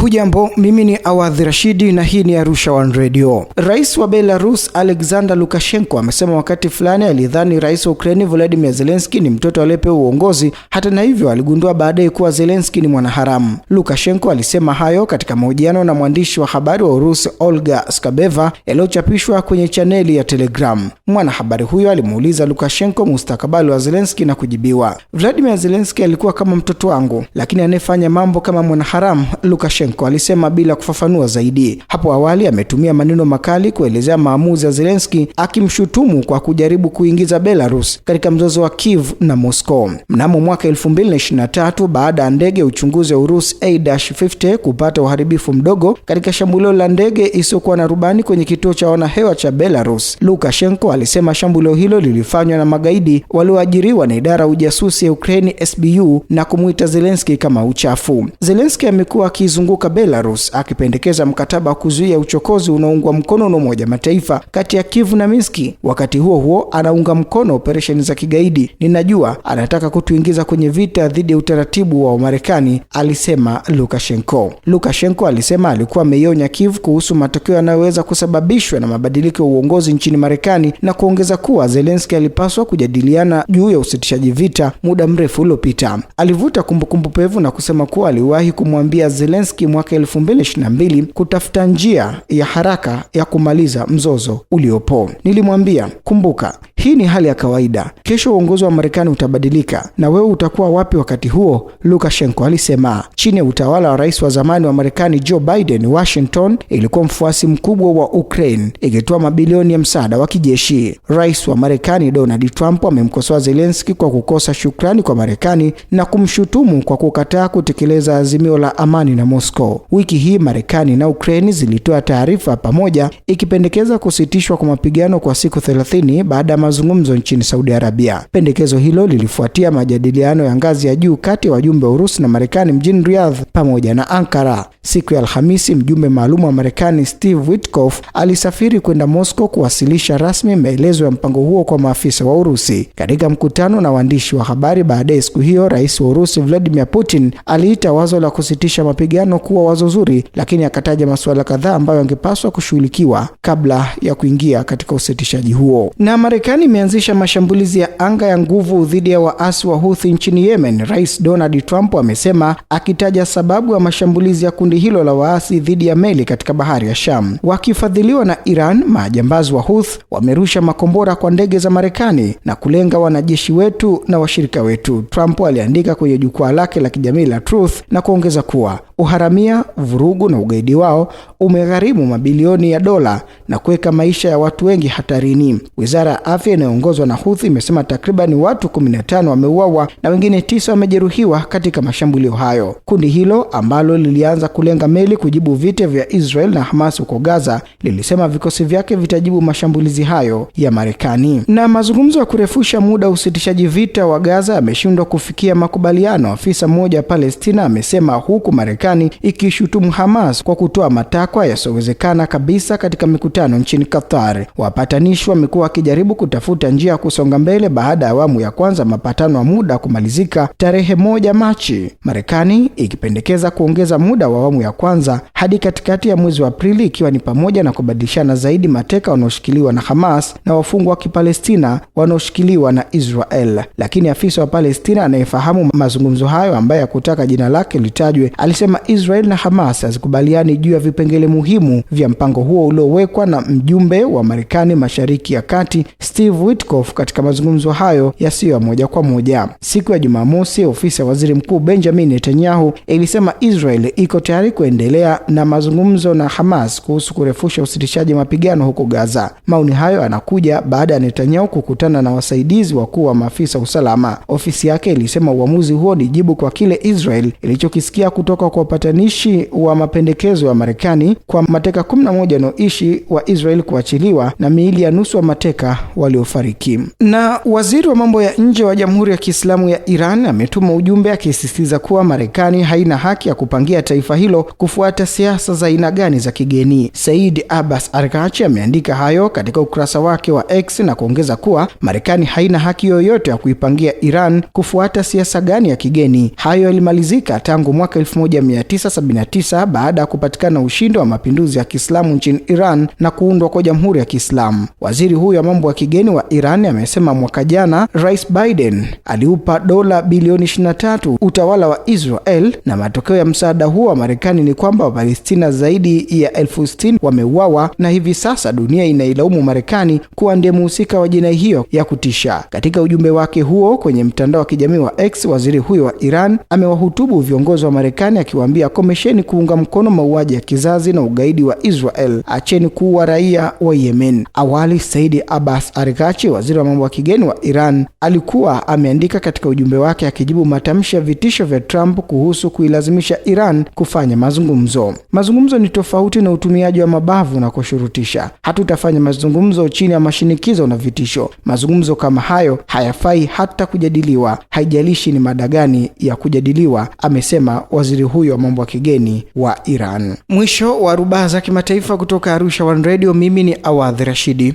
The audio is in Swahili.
Hujambo, mimi ni Awadhi Rashidi na hii ni Arusha One Radio. Rais wa Belarus Alexander Lukashenko amesema wakati fulani alidhani rais wa Ukraini Volodymyr Zelensky ni mtoto aliyepewa uongozi. Hata na hivyo aligundua baadaye kuwa Zelensky ni mwanaharamu. Lukashenko alisema hayo katika mahojiano na mwandishi wa habari wa Urusi Olga Skabeva yaliyochapishwa kwenye chaneli ya Telegram. Mwanahabari huyo alimuuliza Lukashenko mustakabali wa Zelensky na kujibiwa, Vladimir Zelensky alikuwa kama mtoto wangu, lakini anayefanya mambo kama mwanaharamu Lukashenko Lukashenko alisema bila kufafanua zaidi. Hapo awali ametumia maneno makali kuelezea maamuzi ya Zelensky, akimshutumu kwa kujaribu kuingiza Belarus katika mzozo wa Kiev na Moscow. Mnamo mwaka 2023 baada ya ndege ya uchunguzi wa Urusi A-50 kupata uharibifu mdogo katika shambulio la ndege isiyokuwa na rubani kwenye kituo cha wanahewa cha Belarus, Lukashenko alisema shambulio hilo lilifanywa na magaidi walioajiriwa na idara ya ujasusi ya Ukraini SBU na kumuita Zelensky kama uchafu. Zelensky amekuwa akizunguka kuzunguka Belarus akipendekeza mkataba wa kuzuia uchokozi unaoungwa mkono na Umoja Mataifa kati ya kivu na Minski. Wakati huo huo, anaunga mkono operesheni za kigaidi. Ninajua anataka kutuingiza kwenye vita dhidi ya utaratibu wa Marekani, alisema Lukashenko. Lukashenko alisema alikuwa ameionya Kiev kuhusu matokeo yanayoweza kusababishwa na mabadiliko ya uongozi nchini Marekani na kuongeza kuwa Zelensky alipaswa kujadiliana juu ya usitishaji vita muda mrefu uliopita. Alivuta kumbukumbu pevu na kusema kuwa aliwahi kumwambia Zelensky mwaka 2022 kutafuta njia ya haraka ya kumaliza mzozo uliopo. Nilimwambia, kumbuka hii ni hali ya kawaida. Kesho uongozi wa Marekani utabadilika na wewe utakuwa wapi wakati huo? Lukashenko alisema. Chini ya utawala wa rais wa zamani wa Marekani Joe Biden, Washington ilikuwa mfuasi mkubwa wa Ukraine, ikitoa mabilioni ya msaada wa kijeshi. Rais wa Marekani Donald Trump amemkosoa Zelensky kwa kukosa shukrani kwa Marekani na kumshutumu kwa kukataa kutekeleza azimio la amani na Moscow. Moscow. Wiki hii Marekani na Ukraine zilitoa taarifa pamoja ikipendekeza kusitishwa kwa mapigano kwa siku 30 baada ya mazungumzo nchini Saudi Arabia. Pendekezo hilo lilifuatia majadiliano ya ngazi ya juu kati ya wajumbe wa Urusi na Marekani mjini Riyadh pamoja na Ankara. Siku ya Alhamisi, mjumbe maalum wa Marekani Steve Witkoff alisafiri kwenda Moscow kuwasilisha rasmi maelezo ya mpango huo kwa maafisa wa Urusi. Katika mkutano na waandishi wa habari baadaye siku hiyo, rais wa Urusi Vladimir Putin aliita wazo la kusitisha mapigano kuwa wazo zuri, lakini akataja masuala kadhaa ambayo yangepaswa kushughulikiwa kabla ya kuingia katika usitishaji huo. Na Marekani imeanzisha mashambulizi ya anga ya nguvu dhidi ya waasi wa Houthi nchini Yemen, Rais Donald Trump amesema, akitaja sababu ya mashambulizi ya kundi kundi hilo la waasi dhidi ya meli katika bahari ya Sham. Wakifadhiliwa na Iran, majambazi wa Houthi wamerusha makombora kwa ndege za Marekani na kulenga wanajeshi wetu na washirika wetu, Trump aliandika kwenye jukwaa lake la kijamii la Truth na kuongeza kuwa uharamia, vurugu na ugaidi wao umegharimu mabilioni ya dola na kuweka maisha ya watu wengi hatarini. Wizara ya afya inayoongozwa na huthi imesema takriban watu 15 wameuawa na wengine tisa wamejeruhiwa katika mashambulio hayo. Kundi hilo ambalo lilianza kulenga meli kujibu vita vya Israel na Hamas huko Gaza lilisema vikosi vyake vitajibu mashambulizi hayo ya Marekani. Na mazungumzo ya kurefusha muda wa usitishaji vita wa Gaza yameshindwa kufikia makubaliano, afisa mmoja wa Palestina amesema, huku Marekani Marekani ikishutumu Hamas kwa kutoa matakwa yasiyowezekana kabisa katika mikutano nchini Qatar. Wapatanishi wamekuwa wakijaribu kutafuta njia ya kusonga mbele baada ya awamu ya kwanza mapatano ya muda kumalizika tarehe moja Machi, Marekani ikipendekeza kuongeza muda wa awamu ya kwanza hadi katikati ya mwezi wa Aprili, ikiwa ni pamoja na kubadilishana zaidi mateka wanaoshikiliwa na Hamas na wafungwa wa Kipalestina wanaoshikiliwa na Israel. Lakini afisa wa Palestina anayefahamu mazungumzo hayo ambaye hakutaka jina lake litajwe alisema Israel na Hamas hazikubaliani juu ya vipengele muhimu vya mpango huo uliowekwa na mjumbe wa Marekani Mashariki ya Kati Steve Witkoff katika mazungumzo hayo yasiyo ya moja kwa moja. Siku ya Jumamosi, ofisi ya Waziri Mkuu Benjamin Netanyahu ilisema Israel iko tayari kuendelea na mazungumzo na Hamas kuhusu kurefusha usitishaji mapigano huko Gaza. Maoni hayo anakuja baada ya Netanyahu kukutana na wasaidizi wakuu wa maafisa usalama. Ofisi yake ilisema uamuzi huo ni jibu kwa kile Israel ilichokisikia kutoka kwa upatanishi wa mapendekezo ya Marekani kwa mateka 11 wanaoishi wa Israel kuachiliwa na miili ya nusu wa mateka waliofariki. Na waziri wa mambo ya nje wa Jamhuri ya Kiislamu ya Iran ametuma ujumbe akisisitiza kuwa Marekani haina haki ya kupangia taifa hilo kufuata siasa za aina gani za kigeni. Said Abbas Arkachi ameandika hayo katika ukurasa wake wa X na kuongeza kuwa Marekani haina haki yoyote ya kuipangia Iran kufuata siasa gani ya kigeni. Hayo yalimalizika tangu mwaka 1979 baada ya kupatikana ushindi wa mapinduzi ya Kiislamu nchini Iran na kuundwa kwa Jamhuri ya Kiislamu. Waziri huyo wa mambo ya kigeni wa Iran amesema mwaka jana Rais Biden aliupa dola bilioni 23 utawala wa Israel, na matokeo ya msaada huo wa Marekani ni kwamba Wapalestina zaidi ya elfu sitini wameuawa na hivi sasa dunia inailaumu Marekani kuwa ndiye mhusika wa jinai hiyo ya kutisha. Katika ujumbe wake huo kwenye mtandao wa kijamii wa X, waziri huyo wa Iran amewahutubu viongozi wa Marekani akiwa kuambia komesheni kuunga mkono mauaji ya kizazi na ugaidi wa Israel, acheni kuua raia wa Yemen. Awali Saidi Abbas Arikachi, waziri wa mambo ya kigeni wa Iran, alikuwa ameandika katika ujumbe wake akijibu matamshi ya vitisho vya Trump kuhusu kuilazimisha Iran kufanya mazungumzo. Mazungumzo ni tofauti na utumiaji wa mabavu na kushurutisha. Hatutafanya mazungumzo chini ya mashinikizo na vitisho. Mazungumzo kama hayo hayafai hata kujadiliwa, haijalishi ni mada gani ya kujadiliwa, amesema waziri huyo wa mambo ya kigeni wa Iran. Mwisho wa rubaa za kimataifa kutoka Arusha One Radio, mimi ni Awadhi Rashidi.